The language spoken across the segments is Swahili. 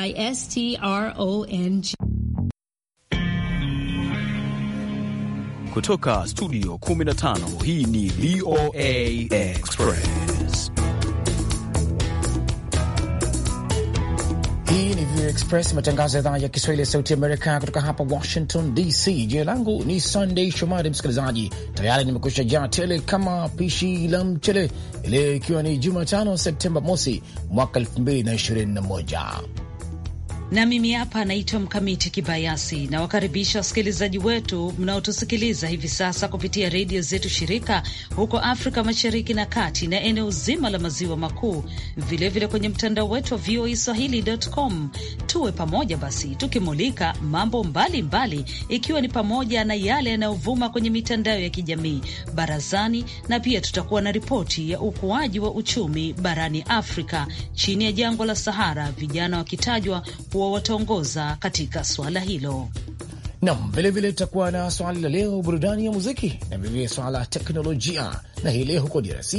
I S T R O N G. Kutoka studio 15 hii ni VOA Express. Hii ni VOA Express, matangazo ya idhaa ya Kiswahili ya Sauti Amerika kutoka hapa Washington DC. Jina langu ni Sunday Shomari. Msikilizaji, tayari nimekusha jaa tele kama pishi la mchele, leo ikiwa ni Jumatano Septemba mosi mwaka 2021 na mimi hapa naitwa Mkamiti Kibayasi. Nawakaribisha wasikilizaji wetu mnaotusikiliza hivi sasa kupitia redio zetu shirika huko Afrika Mashariki na Kati na eneo zima la Maziwa Makuu, vilevile kwenye mtandao wetu wa VOA Swahili.com. Tuwe pamoja basi tukimulika mambo mbalimbali mbali, ikiwa ni pamoja na yale yanayovuma kwenye mitandao ya kijamii barazani, na pia tutakuwa na ripoti ya ukuaji wa uchumi barani Afrika chini ya jangwa la Sahara, vijana wakitajwa kuwa wataongoza katika suala hilo. Nam, vilevile tutakuwa na swali la leo, burudani ya muziki na vilevile swala la teknolojia. Na hii leo huko DRC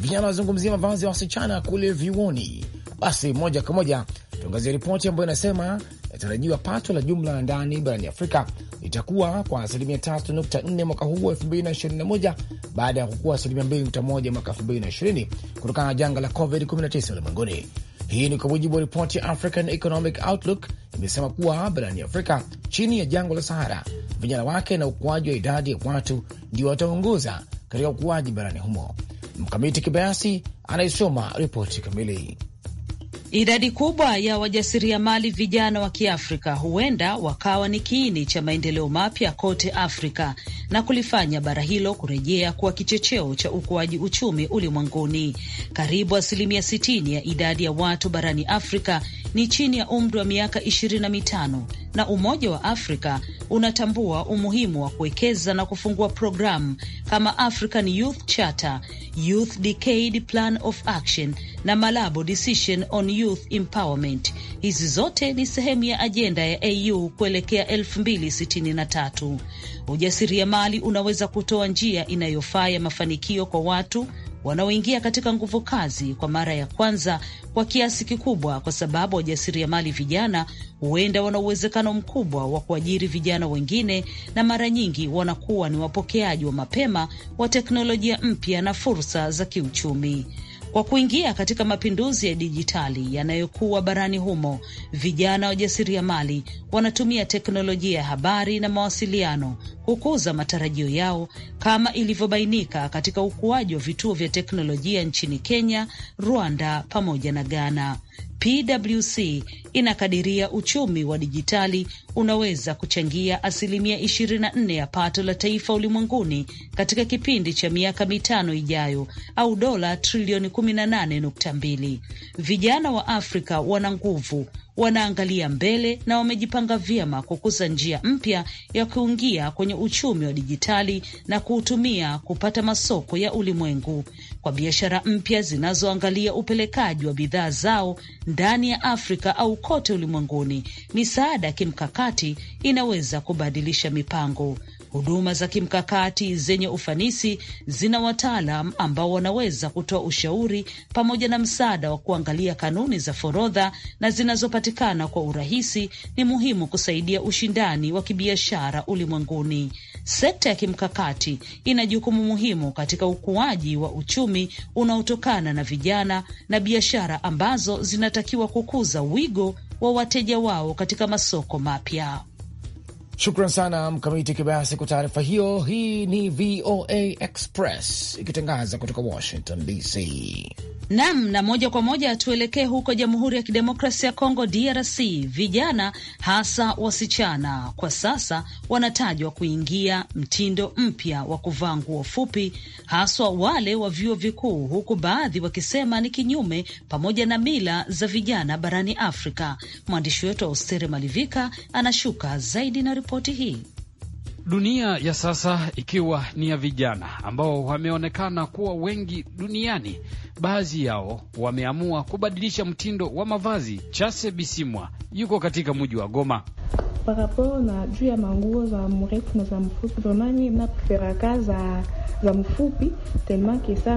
vijana wazungumzia mavazi ya wasichana kule vyuoni. Basi moja kwa moja tuangazie ripoti ambayo inasema inatarajiwa pato la jumla la ndani barani Afrika litakuwa kwa asilimia 3.4 mwaka huu wa 2021 baada ya kukua asilimia 2.1 mwaka 2020 kutokana na janga la COVID-19 ulimwenguni. Hii ni kwa mujibu wa ripoti ya African Economic Outlook, imesema kuwa barani Afrika chini ya jangwa la Sahara, vijana wake na ukuaji wa idadi ya watu ndio wataongoza katika ukuaji barani humo. Mkamiti Kibayasi anaisoma ripoti kamili. Idadi kubwa ya wajasiriamali vijana wa Kiafrika huenda wakawa ni kiini cha maendeleo mapya kote Afrika na kulifanya bara hilo kurejea kuwa kichocheo cha ukuaji uchumi ulimwenguni. Karibu asilimia 60 ya idadi ya watu barani Afrika ni chini ya umri wa miaka ishirini na mitano na Umoja wa Afrika unatambua umuhimu wa kuwekeza na kufungua programu kama African Youth Charter, Youth Decade Plan of Action na Malabo Decision on Youth Empowerment. Hizi zote ni sehemu ya ajenda ya AU kuelekea 2063. Ujasiriamali unaweza kutoa njia inayofaa ya mafanikio kwa watu wanaoingia katika nguvu kazi kwa mara ya kwanza kwa kiasi kikubwa, kwa sababu wajasiriamali vijana huenda wana uwezekano mkubwa wa kuajiri vijana wengine, na mara nyingi wanakuwa ni wapokeaji wa mapema wa teknolojia mpya na fursa za kiuchumi. Kwa kuingia katika mapinduzi ya dijitali yanayokuwa barani humo, vijana wajasiriamali wanatumia teknolojia ya habari na mawasiliano kukuza matarajio yao, kama ilivyobainika katika ukuaji wa vituo vya teknolojia nchini Kenya, Rwanda pamoja na Ghana. PwC inakadiria uchumi wa dijitali unaweza kuchangia asilimia 24 ya pato la taifa ulimwenguni katika kipindi cha miaka mitano ijayo au dola trilioni 18.2. Vijana wa Afrika wana nguvu, wanaangalia mbele na wamejipanga vyema kukuza njia mpya ya kuingia kwenye uchumi wa dijitali na kuutumia kupata masoko ya ulimwengu kwa biashara mpya zinazoangalia upelekaji wa bidhaa zao ndani ya Afrika au kote ulimwenguni, misaada ya kimkakati kimkakati inaweza kubadilisha mipango. Huduma za kimkakati zenye ufanisi zina wataalam ambao wanaweza kutoa ushauri pamoja na msaada wa kuangalia kanuni za forodha na zinazopatikana kwa urahisi. Ni muhimu kusaidia ushindani wa kibiashara ulimwenguni. Sekta ya kimkakati ina jukumu muhimu katika ukuaji wa uchumi unaotokana na vijana na biashara ambazo zinatakiwa kukuza wigo wa wateja wao katika masoko mapya. Shukran sana Mkamiti Kibayasi kwa taarifa hiyo. Hii ni VOA Express ikitangaza kutoka Washington DC. Nam na moja kwa moja tuelekee huko Jamhuri ya Kidemokrasia ya Kongo, DRC. Vijana hasa wasichana kwa sasa wanatajwa kuingia mtindo mpya wa kuvaa nguo fupi, haswa wale wa vyuo vikuu, huku baadhi wakisema ni kinyume pamoja na mila za vijana barani Afrika. Mwandishi wetu wa Malivika anashuka zaidi na ripoti hii. Dunia ya sasa ikiwa ni ya vijana ambao wameonekana kuwa wengi duniani, baadhi yao wameamua kubadilisha mtindo wa mavazi. Chase Bisimwa yuko katika mji wa Goma. Parapo na juu ya manguo za mrefu na za mfupi, za za mfupi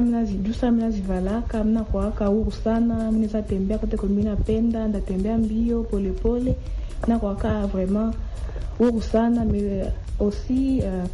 mnazijusa mnazivalaka huru sana, tembea kote ndatembea mbio polepole nakwaka vraiment huru sana, mais euh, aussi uh,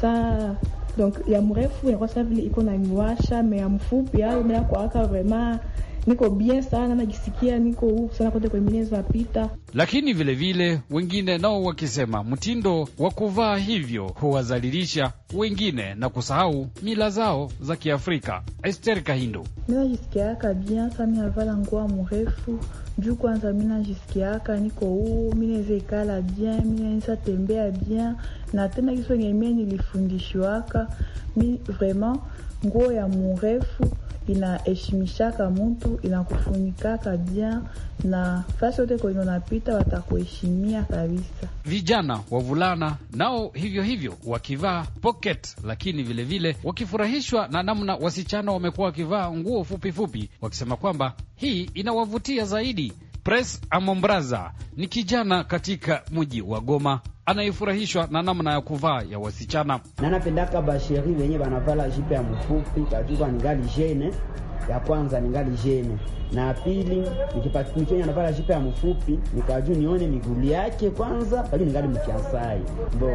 saa donc ya mrefu inakuwa saa vile iko na niwasha, me ya mfupi ayo mila kuaka vrema niko bien sana, najisikia ah, niko huru sana kote kwenye mineza pita. Lakini vilevile vile, wengine nao wakisema mtindo wa kuvaa hivyo huwazalilisha wengine na kusahau mila zao za Kiafrika. Ester Kahindo, mi najisikiaka bien sana, avala nguo mrefu juu kwanza mi najisikiaka niko huu, mi naweza ikala bien, mi naweza tembea bien, na tena kiso ngemie nilifundishwaka mi vraiment, nguo ya murefu inaheshimishaka mtu inakufunikaka bien na fasi yote kwenye unapita watakuheshimia kabisa. Vijana wavulana nao hivyo hivyo wakivaa pocket, lakini vilevile vile, wakifurahishwa na namna wasichana wamekuwa wakivaa nguo fupifupi fupi, wakisema kwamba hii inawavutia zaidi. Pres Amombraza ni kijana katika mji wa Goma anayefurahishwa na namna ya kuvaa ya wasichana. Nanapendaka basheri wenye wanavala jipe ya mfupi kajuka ningali jene ya kwanza ni ngali jene na pili, nikiona anavala jipe ya mfupi nikajua nione miguu yake kwanza, lakini ningali mkiasai bo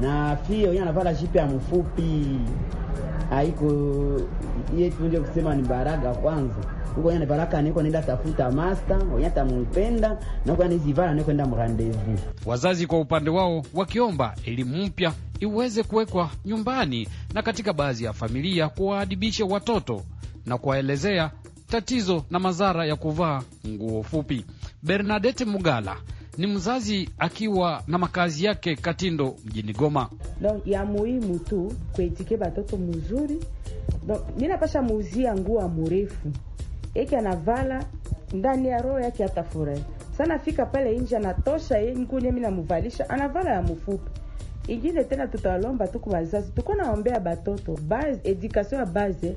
na fio yeye anavala jipe ya mfupi haiko yetu ndio kusema ni baraga kwanza huko yana baraka niko nenda tafuta master onyata mumpenda na kwa nizi vara niko nenda mrandezi. Wazazi kwa upande wao wakiomba elimu mpya iweze kuwekwa nyumbani na katika baadhi ya familia kuwaadibisha watoto na kuwaelezea tatizo na madhara ya kuvaa nguo fupi. Bernadette Mugala ni mzazi akiwa na makazi yake Katindo mjini Goma. Don, ya muhimu tu kuitike batoto mzuri. Don, minapasha muuzia nguo mrefu eki anavala ndani ya roho yake atafurahi sana, fika pale nje anatosha yengunye minamuvalisha anavala ya mfupi ingine tena tutalomba tu kwa wazazi, tuko naombea batoto base education ya base.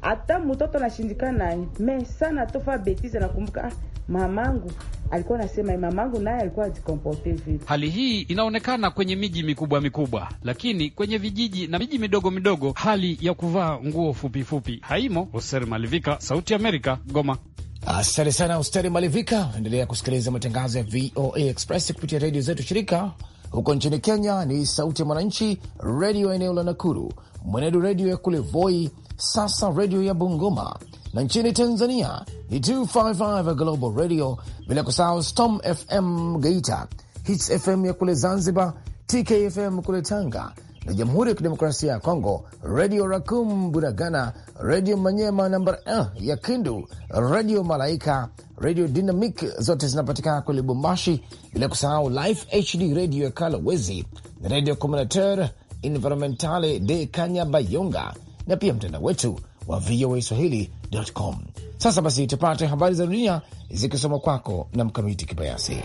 Hata mtoto nashindikana me sana tofa betiza, nakumbuka ah, mamangu alikuwa anasema, eh, mamangu naye alikuwa ajikomporte vile. Hali hii inaonekana kwenye miji mikubwa mikubwa, lakini kwenye vijiji na miji midogo midogo hali ya kuvaa nguo fupi fupi haimo. Hoser Malivika, Sauti ya Amerika, Goma. Asante sana Hoster Malivika. Endelea kusikiliza matangazo ya VOA Express kupitia redio zetu shirika huko nchini Kenya ni Sauti ya Mwananchi redio eneo la Nakuru, Mwenedu redio ya kule Voi, sasa redio ya Bungoma, na nchini Tanzania ni 255 Global Radio, bila kusahau Storm FM Geita, Hits FM ya kule Zanzibar, TKFM kule Tanga na Jamhuri ya Kidemokrasia ya Kongo, Redio Rakum Bunagana, Redio Manyema namba eh, ya Kindu, Redio Malaika, Redio Dynamic zote zinapatikana kwa Lubumbashi, bila kusahau Life HD redio ya Kalowezi na Redio Communautaire Environmentale de Kanyabayonga na pia mtandao wetu wa VOA Swahili.com. Sasa basi tupate habari za dunia zikisoma kwako na Mkamiti Kibayasi.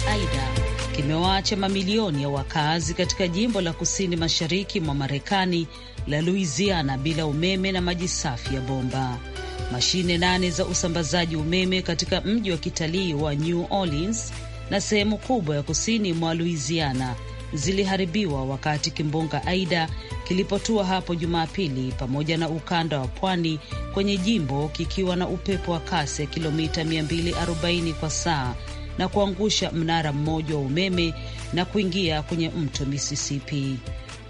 cha Aida kimewaacha mamilioni ya wakaazi katika jimbo la kusini mashariki mwa Marekani la Louisiana bila umeme na maji safi ya bomba. Mashine nane za usambazaji umeme katika mji wa kitalii wa New Orleans na sehemu kubwa ya kusini mwa Louisiana ziliharibiwa wakati kimbunga Aida kilipotua hapo Jumapili, pamoja na ukanda wa pwani kwenye jimbo kikiwa na upepo wa kasi ya kilomita 240 kwa saa na kuangusha mnara mmoja wa umeme na kuingia kwenye mto Mississippi.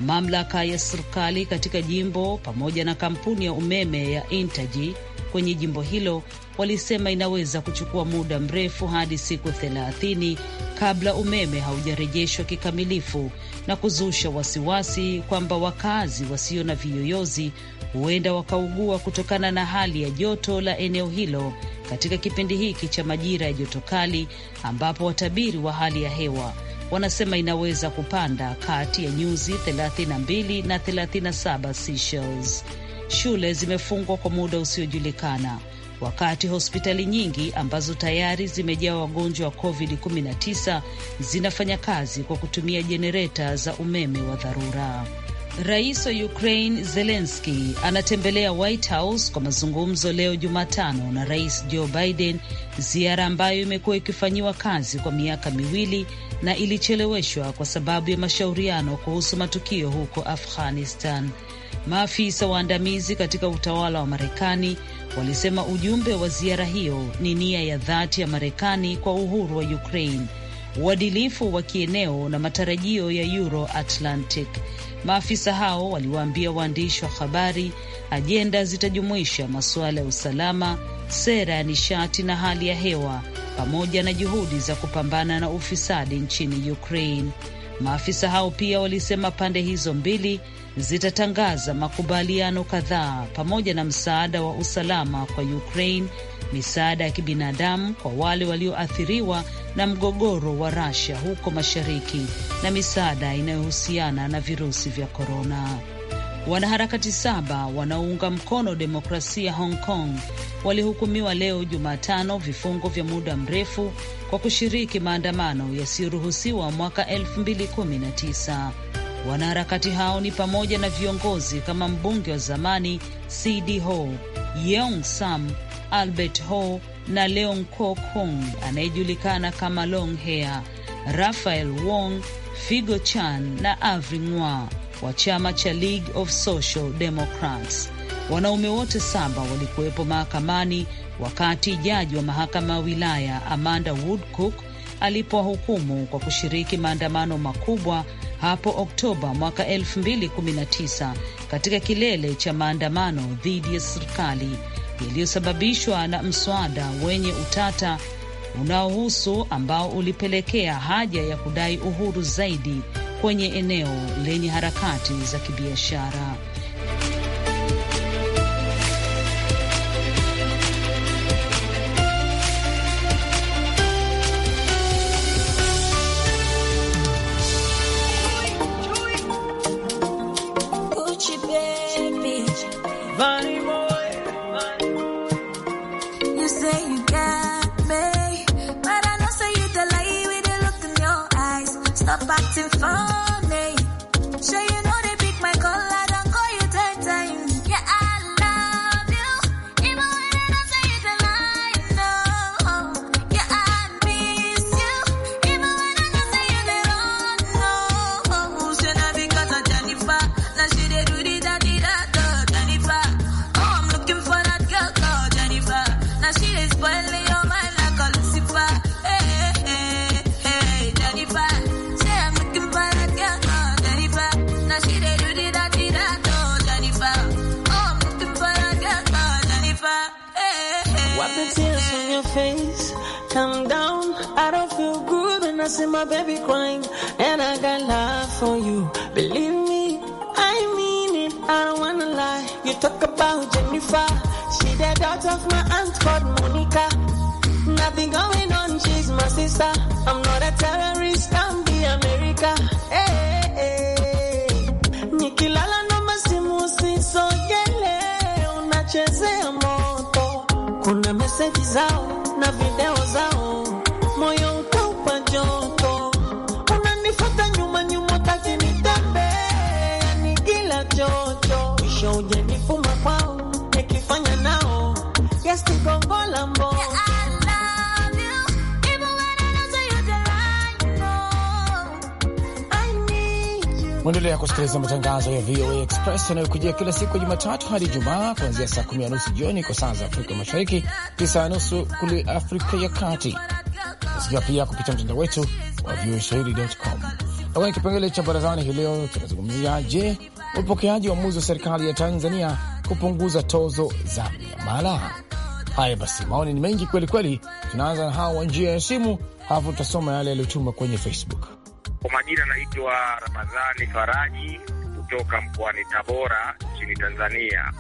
Mamlaka ya serikali katika jimbo pamoja na kampuni ya umeme ya Entergy kwenye jimbo hilo walisema inaweza kuchukua muda mrefu hadi siku 30 kabla umeme haujarejeshwa kikamilifu na kuzusha wasiwasi kwamba wakazi wasio na viyoyozi huenda wakaugua kutokana na hali ya joto la eneo hilo katika kipindi hiki cha majira ya joto kali ambapo watabiri wa hali ya hewa wanasema inaweza kupanda kati ya nyuzi 32 na 37 Celsius. Shule zimefungwa kwa muda usiojulikana wakati hospitali nyingi ambazo tayari zimejaa wagonjwa wa COVID-19 zinafanya kazi kwa kutumia jenereta za umeme wa dharura. Rais wa Ukraine Zelenski anatembelea White House kwa mazungumzo leo Jumatano na Rais Joe Biden, ziara ambayo imekuwa ikifanyiwa kazi kwa miaka miwili na ilicheleweshwa kwa sababu ya mashauriano kuhusu matukio huko Afghanistan. Maafisa waandamizi katika utawala wa Marekani walisema ujumbe wa ziara hiyo ni nia ya dhati ya Marekani kwa uhuru wa Ukraine, uadilifu wa kieneo na matarajio ya Euro Atlantic. Maafisa hao waliwaambia waandishi wa habari ajenda zitajumuisha masuala ya usalama, sera ya nishati na hali ya hewa, pamoja na juhudi za kupambana na ufisadi nchini Ukraine. Maafisa hao pia walisema pande hizo mbili zitatangaza makubaliano kadhaa pamoja na msaada wa usalama kwa Ukraine, misaada ya kibinadamu kwa wale walioathiriwa na mgogoro wa Russia huko mashariki na misaada inayohusiana na virusi vya korona. Wanaharakati saba wanaounga mkono demokrasia Hong Kong walihukumiwa leo Jumatano vifungo vya muda mrefu kwa kushiriki maandamano yasiyoruhusiwa mwaka 2019. Wanaharakati hao ni pamoja na viongozi kama mbunge wa zamani CD Ho, Yeong Sam, Albert Ho na leon Kok Hong anayejulikana kama Long Hair, Rafael Wong, Figo Chan na Avri Ngwa wa chama cha League of Social Democrats. Wanaume wote saba walikuwepo mahakamani wakati jaji wa mahakama ya wilaya Amanda Woodcock alipowahukumu kwa kushiriki maandamano makubwa hapo Oktoba mwaka 2019 katika kilele cha maandamano dhidi ya serikali yaliyosababishwa na mswada wenye utata unaohusu ambao ulipelekea haja ya kudai uhuru zaidi kwenye eneo lenye harakati za kibiashara. meseji zao na video zao, moyo ukaupa joto, unanifata nyuma nyuma, taki nitembe ni kila chocho, mwisho ujenifuma kwao, nikifanya nao yasigongola mbo Unaendelea kusikiliza matangazo ya VOA Express yanayokujia kila siku ya Jumatatu hadi Jumaa, kuanzia saa kumi na nusu jioni kwa saa za Afrika Mashariki, tisa na nusu kule Afrika ya Kati. Nasikia pia kupitia mtandao wetu wa voaswahili.com. Na kwenye kipengele cha barazani hii leo tunazungumzia, je, upokeaji wa uamuzi wa serikali ya Tanzania kupunguza tozo za miamala? Haya basi, maoni ni mengi kwelikweli. Tunaanza na hawa wa njia ya simu, halafu tutasoma yale yaliyotuma kwenye Facebook. Kwa majina anaitwa Ramadhani Faraji kutoka mkoani Tabora nchini Tanzania.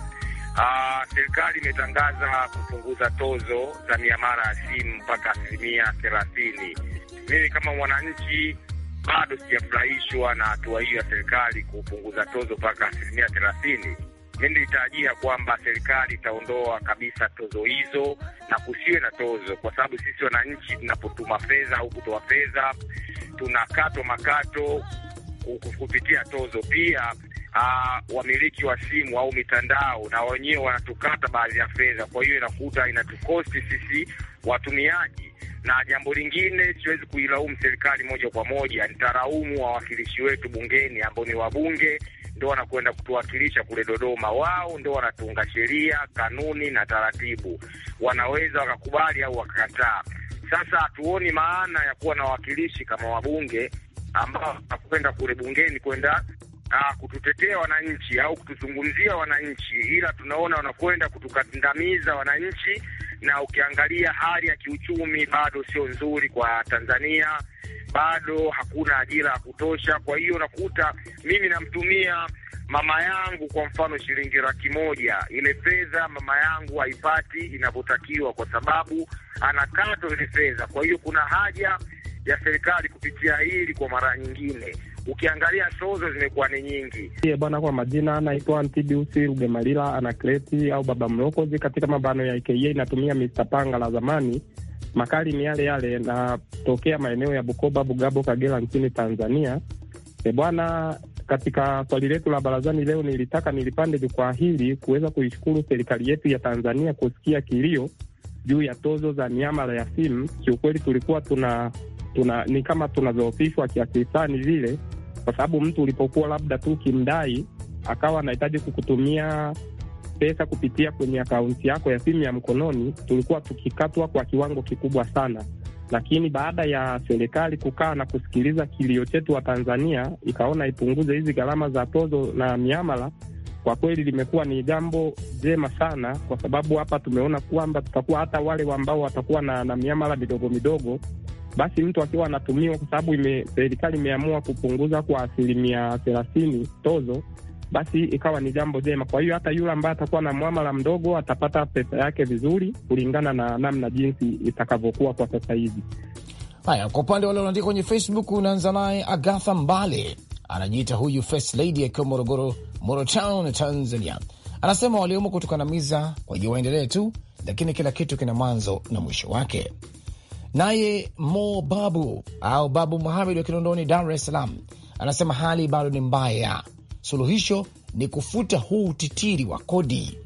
Uh, serikali imetangaza kupunguza tozo za miamala ya simu mpaka asilimia thelathini. Mimi kama mwananchi bado sijafurahishwa na hatua hiyo ya serikali kupunguza tozo mpaka asilimia thelathini nilitarajia kwamba serikali itaondoa kabisa tozo hizo na kusiwe na tozo, kwa sababu sisi wananchi tunapotuma fedha au kutoa fedha tunakatwa makato kupitia tozo pia. aa, ah, wamiliki wa simu au mitandao na wenyewe wanatukata baadhi ya fedha, kwa hiyo inakuta inatukosti sisi watumiaji. Na jambo lingine, siwezi kuilaumu serikali moja kwa moja, nitaraumu wawakilishi wetu bungeni ambao ni wabunge ndo wanakwenda kutuwakilisha kule Dodoma. Wao ndo wanatunga sheria, kanuni na taratibu, wanaweza wakakubali au wakakataa. Sasa hatuoni maana ya kuwa na wawakilishi kama wabunge ambao wanakwenda kule bungeni kwenda Aa, ah, kututetea wananchi au kutuzungumzia wananchi, ila tunaona wanakwenda kutukandamiza wananchi na ukiangalia hali ya kiuchumi bado sio nzuri kwa Tanzania, bado hakuna ajira ya kutosha. Kwa hiyo nakuta mimi namtumia mama yangu kwa mfano shilingi laki moja, ile fedha mama yangu haipati inavyotakiwa kwa sababu anakatwa ile fedha. Kwa hiyo kuna haja ya serikali kupitia hili kwa mara nyingine ukiangalia tozo zimekuwa ni nyingi. Ye bwana, kwa majina anaitwa Ntibiusi Rugemalila anakreti au Baba Mlokozi. Katika mabano ya IKA e, inatumia Mr. Panga la zamani. Makali ni yale yale, natokea maeneo ya Bukoba, Bugabo, Kagera nchini Tanzania. E bwana, katika swali letu la barazani leo nilitaka nilipande jukwaa hili kuweza kuishukuru serikali yetu ya Tanzania kusikia kilio juu ya tozo za miamala ya simu. Kiukweli tulikuwa tuna tuna ni kama tunazoofishwa kiasi fulani vile kwa sababu mtu ulipokuwa labda tu ukimdai akawa anahitaji kukutumia pesa kupitia kwenye akaunti yako ya simu ya mkononi, tulikuwa tukikatwa kwa kiwango kikubwa sana. Lakini baada ya serikali kukaa na kusikiliza kilio chetu wa Tanzania, ikaona ipunguze hizi gharama za tozo na miamala, kwa kweli limekuwa ni jambo jema sana, kwa sababu hapa tumeona kwamba tutakuwa hata wale ambao watakuwa na, na miamala midogo midogo basi mtu akiwa anatumiwa, kwa sababu serikali imeamua kupunguza kwa asilimia thelathini tozo, basi ikawa ni jambo jema. Kwa hiyo hata yule ambaye atakuwa na mwamala mdogo atapata pesa yake vizuri, kulingana na namna jinsi itakavyokuwa kwa sasa hivi. Haya, kwa upande wale wanaandika kwenye Facebook, unaanza naye Agatha Mbale, anajiita huyu first lady akiwa Morogoro, Morotown, Tanzania. Anasema waliomo kutokana miza waje waendelee tu, lakini kila kitu kina mwanzo na mwisho wake. Naye Mo Babu au Babu Muhamed wa Kinondoni, Dar es Salaam, anasema hali bado ni mbaya, suluhisho ni kufuta huu utitiri wa kodi.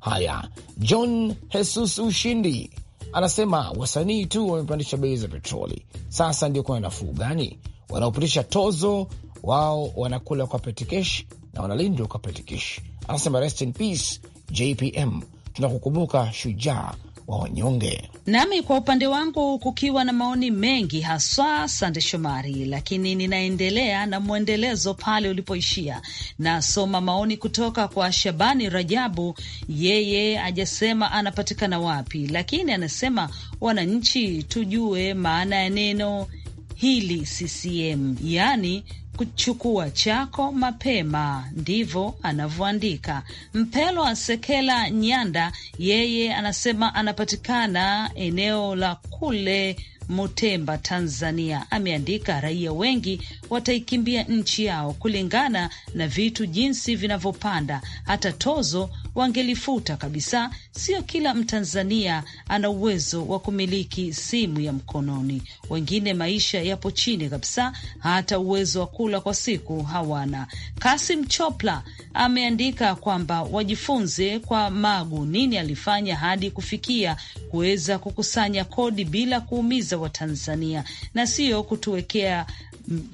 Haya, John hesus Ushindi anasema wasanii tu wamepandisha bei za petroli, sasa ndio kuna nafuu gani? Wanaopitisha tozo wao wanakula kwa petikesh na wanalindwa kwa petikesh. Anasema rest in peace JPM, tunakukumbuka shujaa wa wanyonge. Nami kwa upande wangu kukiwa na maoni mengi haswa, Sande Shomari, lakini ninaendelea na mwendelezo pale ulipoishia. Nasoma maoni kutoka kwa Shabani Rajabu, yeye ajasema anapatikana wapi, lakini anasema wananchi tujue maana ya neno hili CCM, yaani kuchukua chako mapema, ndivyo anavyoandika Mpelwa Sekela Nyanda. Yeye anasema anapatikana eneo la kule Mutemba, Tanzania. Ameandika raia wengi wataikimbia nchi yao kulingana na vitu jinsi vinavyopanda, hata tozo wangelifuta kabisa. Sio kila Mtanzania ana uwezo wa kumiliki simu ya mkononi, wengine maisha yapo chini kabisa, hata uwezo wa kula kwa siku hawana. Kasim Chopla ameandika kwamba wajifunze kwa Magu nini alifanya hadi kufikia kuweza kukusanya kodi bila kuumiza Watanzania na sio kutuwekea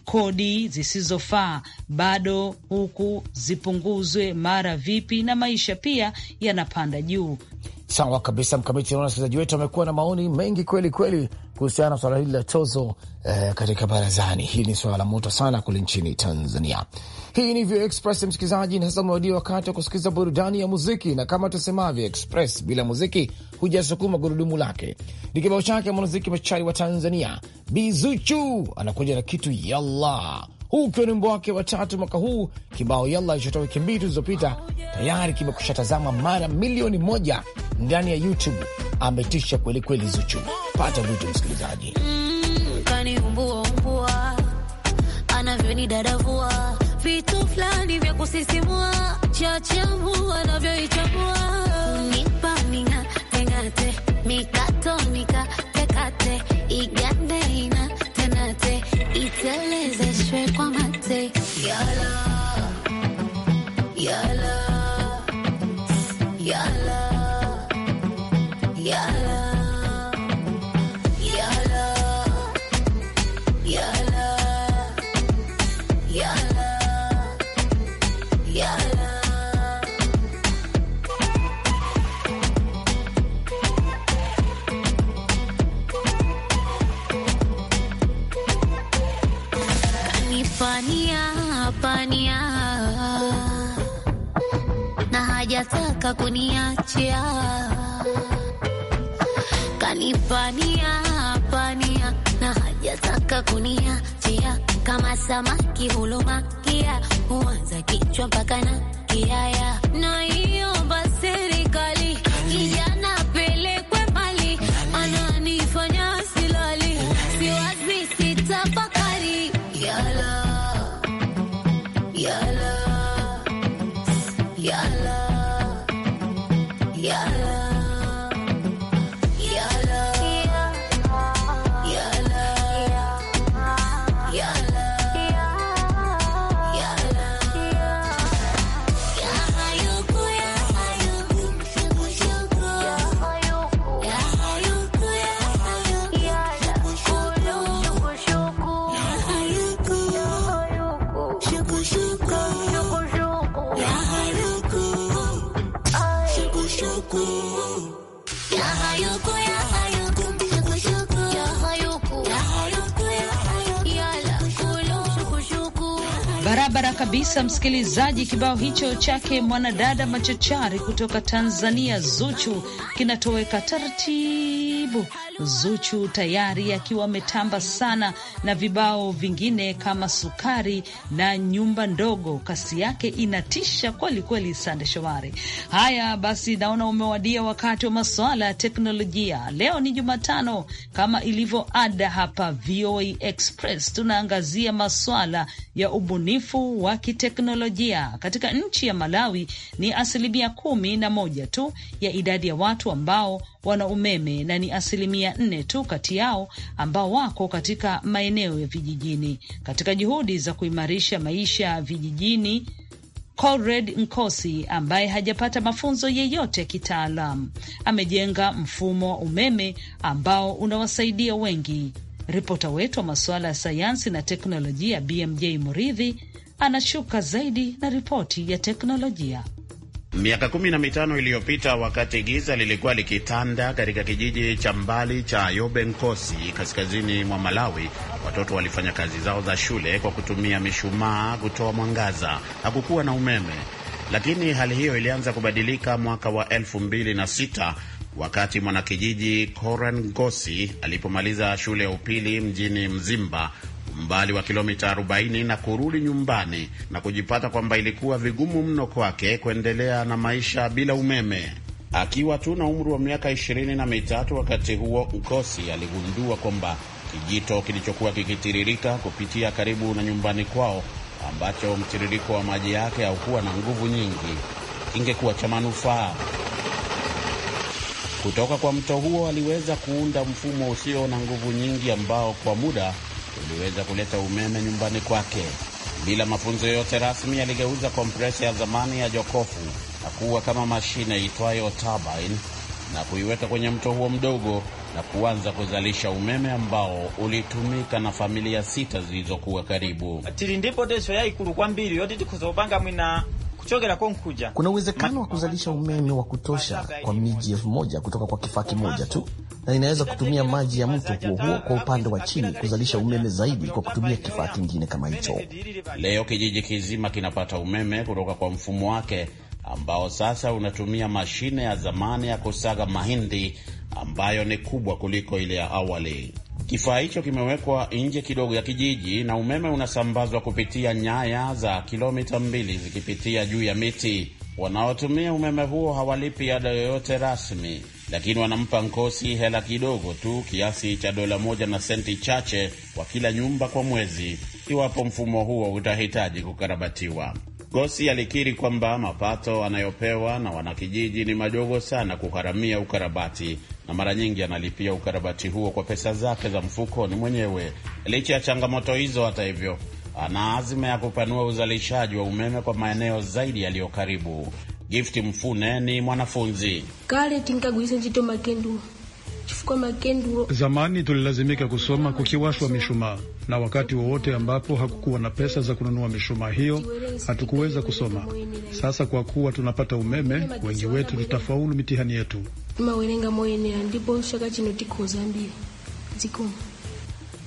kodi zisizofaa bado huku zipunguzwe mara vipi, na maisha pia yanapanda juu. Sawa kabisa, Mkamiti. Naona wasikilizaji wetu wamekuwa na maoni mengi kweli kweli kuhusiana na swala hili la tozo eh, katika barazani. Hili ni swala la moto sana kule nchini Tanzania. Hii ni Vio Express msikilizaji, na sasa umewadia wakati wa kusikiliza burudani ya muziki, na kama tusemavyo Express bila muziki hujasukuma gurudumu lake. Ni kibao chake mwanamuziki machari wa Tanzania Bizuchu anakuja na kitu yalla huu ukiwa ni wimbo wake wa tatu mwaka huu. Kibao Yalla alichotoa wiki mbili tulizopita tayari kimekusha tazama mara milioni moja ndani ya YouTube. Ametisha kwelikweli Zuchu, pata vitu msikilizaji. Mm, mikatonika tekate igande ina tenate Tushwe kwa mate yala yala yala kutaka kuniachia, kanipania pania na hajataka kuniachia, kama samaki hulomakia huanza kichwa mpaka na Yeah. kabisa msikilizaji, kibao hicho chake mwanadada machachari kutoka Tanzania Zuchu kinatoweka taratibu. Zuchu tayari akiwa ametamba sana na vibao vingine kama Sukari na Nyumba Ndogo. Kasi yake inatisha kweli kweli. Sande Shomari. Haya basi, naona umewadia wakati wa masuala ya teknolojia. Leo ni Jumatano, kama ilivyo ada hapa VOA Express tunaangazia masuala ya ubunifu wa kiteknolojia katika nchi ya Malawi ni asilimia kumi na moja tu ya idadi ya watu ambao wana umeme na ni asilimia nne tu kati yao ambao wako katika maeneo ya vijijini. Katika juhudi za kuimarisha maisha vijijini, Colred Nkosi ambaye hajapata mafunzo yeyote ya kitaalam amejenga mfumo wa umeme ambao unawasaidia wengi. Ripota wetu wa masuala ya sayansi na teknolojia BMJ Muridhi anashuka zaidi na ripoti ya teknolojia. Miaka kumi na mitano iliyopita wakati giza lilikuwa likitanda katika kijiji cha mbali cha yobenkosi kaskazini mwa Malawi, watoto walifanya kazi zao za shule kwa kutumia mishumaa kutoa mwangaza. Hakukuwa na umeme, lakini hali hiyo ilianza kubadilika mwaka wa elfu mbili na sita wakati mwanakijiji Koran Ngosi alipomaliza shule ya upili mjini Mzimba umbali wa kilomita 40 na kurudi nyumbani na kujipata kwamba ilikuwa vigumu mno kwake kuendelea na maisha bila umeme. Akiwa tu na umri wa miaka ishirini na mitatu wakati huo, Nkosi aligundua kwamba kijito kilichokuwa kikitiririka kupitia karibu na nyumbani kwao, ambacho mtiririko wa maji yake haukuwa na nguvu nyingi, kingekuwa cha manufaa. Kutoka kwa mto huo aliweza kuunda mfumo usio na nguvu nyingi ambao kwa muda uliweza kuleta umeme nyumbani kwake. Bila mafunzo yote rasmi, aligeuza kompresa ya zamani ya jokofu na kuwa kama mashine itwayo turbine na kuiweka kwenye mto huo mdogo na kuanza kuzalisha umeme ambao ulitumika na familia sita zilizokuwa karibu. Kuna uwezekano wa kuzalisha umeme wa kutosha kwa miji elfu moja kutoka kwa kifaa kimoja tu na inaweza kutumia maji ya mto huo huo kwa upande wa chini kuzalisha umeme zaidi kwa kutumia kifaa kingine kama hicho. Leo kijiji kizima kinapata umeme kutoka kwa mfumo wake ambao sasa unatumia mashine ya zamani ya kusaga mahindi ambayo ni kubwa kuliko ile ya awali. Kifaa hicho kimewekwa nje kidogo ya kijiji na umeme unasambazwa kupitia nyaya za kilomita mbili zikipitia juu ya miti. Wanaotumia umeme huo hawalipi ada yoyote rasmi, lakini wanampa Nkosi hela kidogo tu, kiasi cha dola moja na senti chache kwa kila nyumba kwa mwezi, iwapo mfumo huo utahitaji kukarabatiwa. kosi alikiri kwamba mapato anayopewa na wanakijiji ni madogo sana kugharamia ukarabati na mara nyingi analipia ukarabati huo kwa pesa zake za mfukoni mwenyewe. Licha ya changamoto hizo, hata hivyo ana azma ya kupanua uzalishaji wa umeme kwa maeneo zaidi yaliyo karibu. Gift Mfune ni mwanafunzi. Zamani tulilazimika kusoma kukiwashwa mishumaa, na wakati wowote ambapo hakukuwa na pesa za kununua mishumaa hiyo hatukuweza kusoma. Sasa kwa kuwa tunapata umeme, wengi wetu tutafaulu mitihani yetu.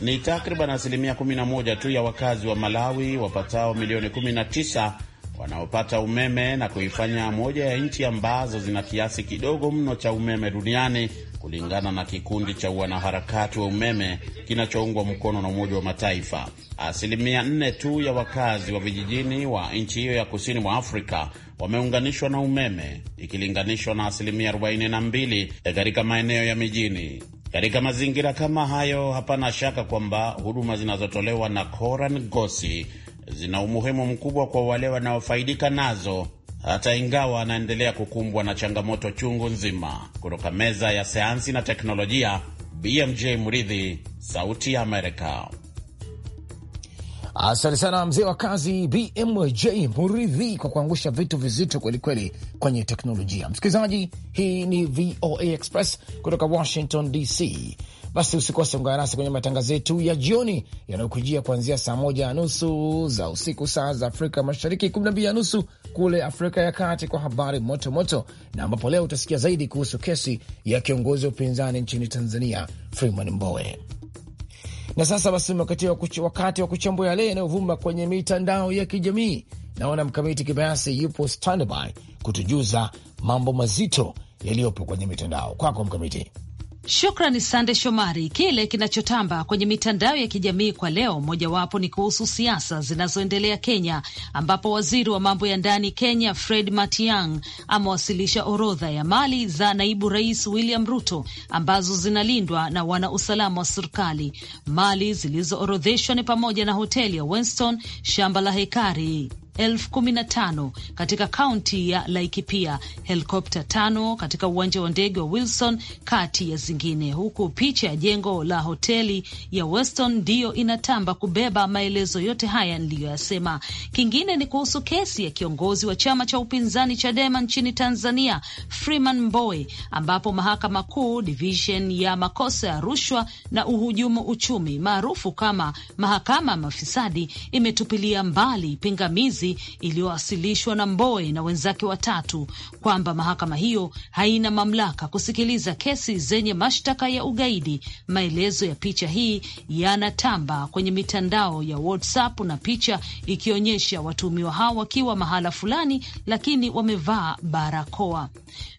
Ni takriban asilimia 11 tu ya wakazi wa Malawi wapatao milioni 19 wanaopata umeme na kuifanya moja ya nchi ambazo zina kiasi kidogo mno cha umeme duniani kulingana na kikundi cha wanaharakati wa umeme kinachoungwa mkono na Umoja wa Mataifa. Asilimia nne tu ya wakazi wa vijijini wa nchi hiyo ya kusini mwa Afrika wameunganishwa na umeme ikilinganishwa na asilimia 42 katika maeneo ya mijini. Katika mazingira kama hayo, hapana shaka kwamba huduma zinazotolewa na Koran Gosi zina umuhimu mkubwa kwa wale wanaofaidika nazo, hata ingawa anaendelea kukumbwa na changamoto chungu nzima. Kutoka meza ya sayansi na teknolojia, BMJ Mridhi, Sauti ya Amerika. Asante sana mzee wa kazi BMJ Muridhi kwa kuangusha vitu vizito kwelikweli kwenye teknolojia. Msikilizaji, hii ni VOA Express kutoka Washington DC. Basi usikose, ungana nasi kwenye matangazo yetu ya jioni yanayokujia kuanzia saa moja na nusu za usiku saa za Afrika Mashariki, kumi na mbili na nusu kule Afrika ya Kati, kwa habari moto moto, na ambapo leo utasikia zaidi kuhusu kesi ya kiongozi wa upinzani nchini Tanzania Freeman Mbowe. Na sasa basi, wakati wa kuchambua yale yanayovuma kwenye mitandao ya kijamii, naona Mkamiti Kibayasi yupo standby kutujuza mambo mazito yaliyopo kwenye mitandao. Kwako Mkamiti. Shukrani Sande Shomari. Kile kinachotamba kwenye mitandao ya kijamii kwa leo, mojawapo ni kuhusu siasa zinazoendelea Kenya, ambapo waziri wa mambo ya ndani Kenya Fred Matiang amewasilisha orodha ya mali za naibu rais William Ruto ambazo zinalindwa na wanausalama wa serikali. Mali zilizoorodheshwa ni pamoja na hoteli ya Winston, shamba la hekari elfu kumi na tano katika kaunti ya Laikipia, helikopta tano katika uwanja wa ndege wa Wilson kati ya zingine, huku picha ya jengo la hoteli ya Weston ndiyo inatamba kubeba maelezo yote haya niliyoyasema. Kingine ni kuhusu kesi ya kiongozi wa chama cha upinzani Chadema nchini Tanzania, Freeman Mbowe, ambapo mahakama kuu divishen ya makosa ya rushwa na uhujumu uchumi maarufu kama mahakama ya mafisadi imetupilia mbali pingamizi maombi iliyowasilishwa na mboe na wenzake watatu kwamba mahakama hiyo haina mamlaka kusikiliza kesi zenye mashtaka ya ugaidi. Maelezo ya picha hii yanatamba kwenye mitandao ya WhatsApp na picha ikionyesha watuhumiwa hao wakiwa mahala fulani, lakini wamevaa barakoa.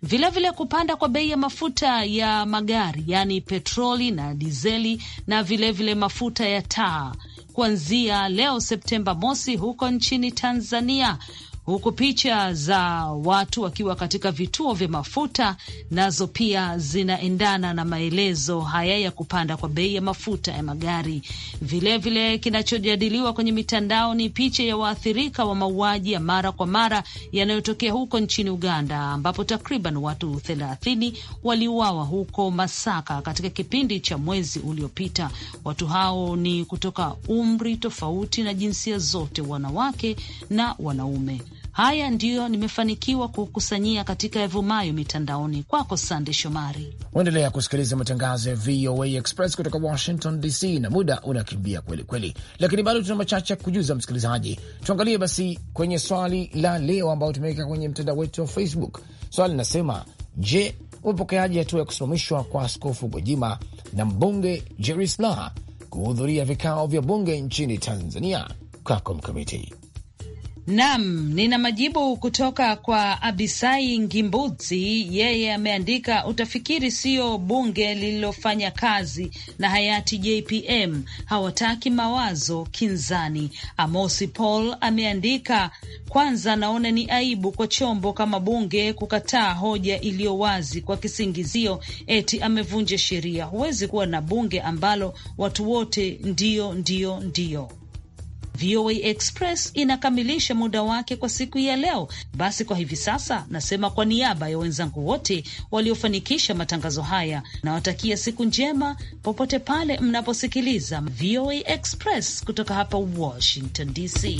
Vilevile vile kupanda kwa bei ya mafuta ya magari, yaani petroli na dizeli, na vilevile vile mafuta ya taa kuanzia leo Septemba mosi huko nchini Tanzania huku picha za watu wakiwa katika vituo vya mafuta nazo pia zinaendana na maelezo haya ya kupanda kwa bei ya mafuta ya magari. Vilevile, kinachojadiliwa kwenye mitandao ni picha ya waathirika wa mauaji ya mara kwa mara yanayotokea huko nchini Uganda, ambapo takriban watu thelathini waliuawa huko Masaka katika kipindi cha mwezi uliopita. Watu hao ni kutoka umri tofauti na jinsia zote, wanawake na wanaume. Haya ndiyo nimefanikiwa kukusanyia katika yavumayo mitandaoni. Kwako Sande Shomari. Uendelea kusikiliza matangazo ya VOA Express kutoka Washington DC, na muda unakimbia kweli kweli, lakini bado tuna machache kujuza msikilizaji. Tuangalie basi kwenye swali la leo ambayo tumeweka kwenye mtandao wetu wa Facebook. Swali linasema je, umepokeaje hatua ya kusimamishwa kwa Askofu Gwajima na mbunge Jerry Silaa kuhudhuria vikao vya bunge nchini Tanzania? Kwako Mkamiti. Nam, nina majibu kutoka kwa Abisai Ngimbuzi. Yeye ameandika utafikiri sio bunge lililofanya kazi na hayati JPM, hawataki mawazo kinzani. Amosi Paul ameandika, kwanza naona ni aibu kwa chombo kama bunge kukataa hoja iliyo wazi kwa kisingizio eti amevunja sheria. Huwezi kuwa na bunge ambalo watu wote ndio ndio ndio VOA Express inakamilisha muda wake kwa siku ya leo. Basi kwa hivi sasa nasema kwa niaba ya wenzangu wote waliofanikisha matangazo haya, nawatakia siku njema popote pale mnaposikiliza VOA Express kutoka hapa Washington DC.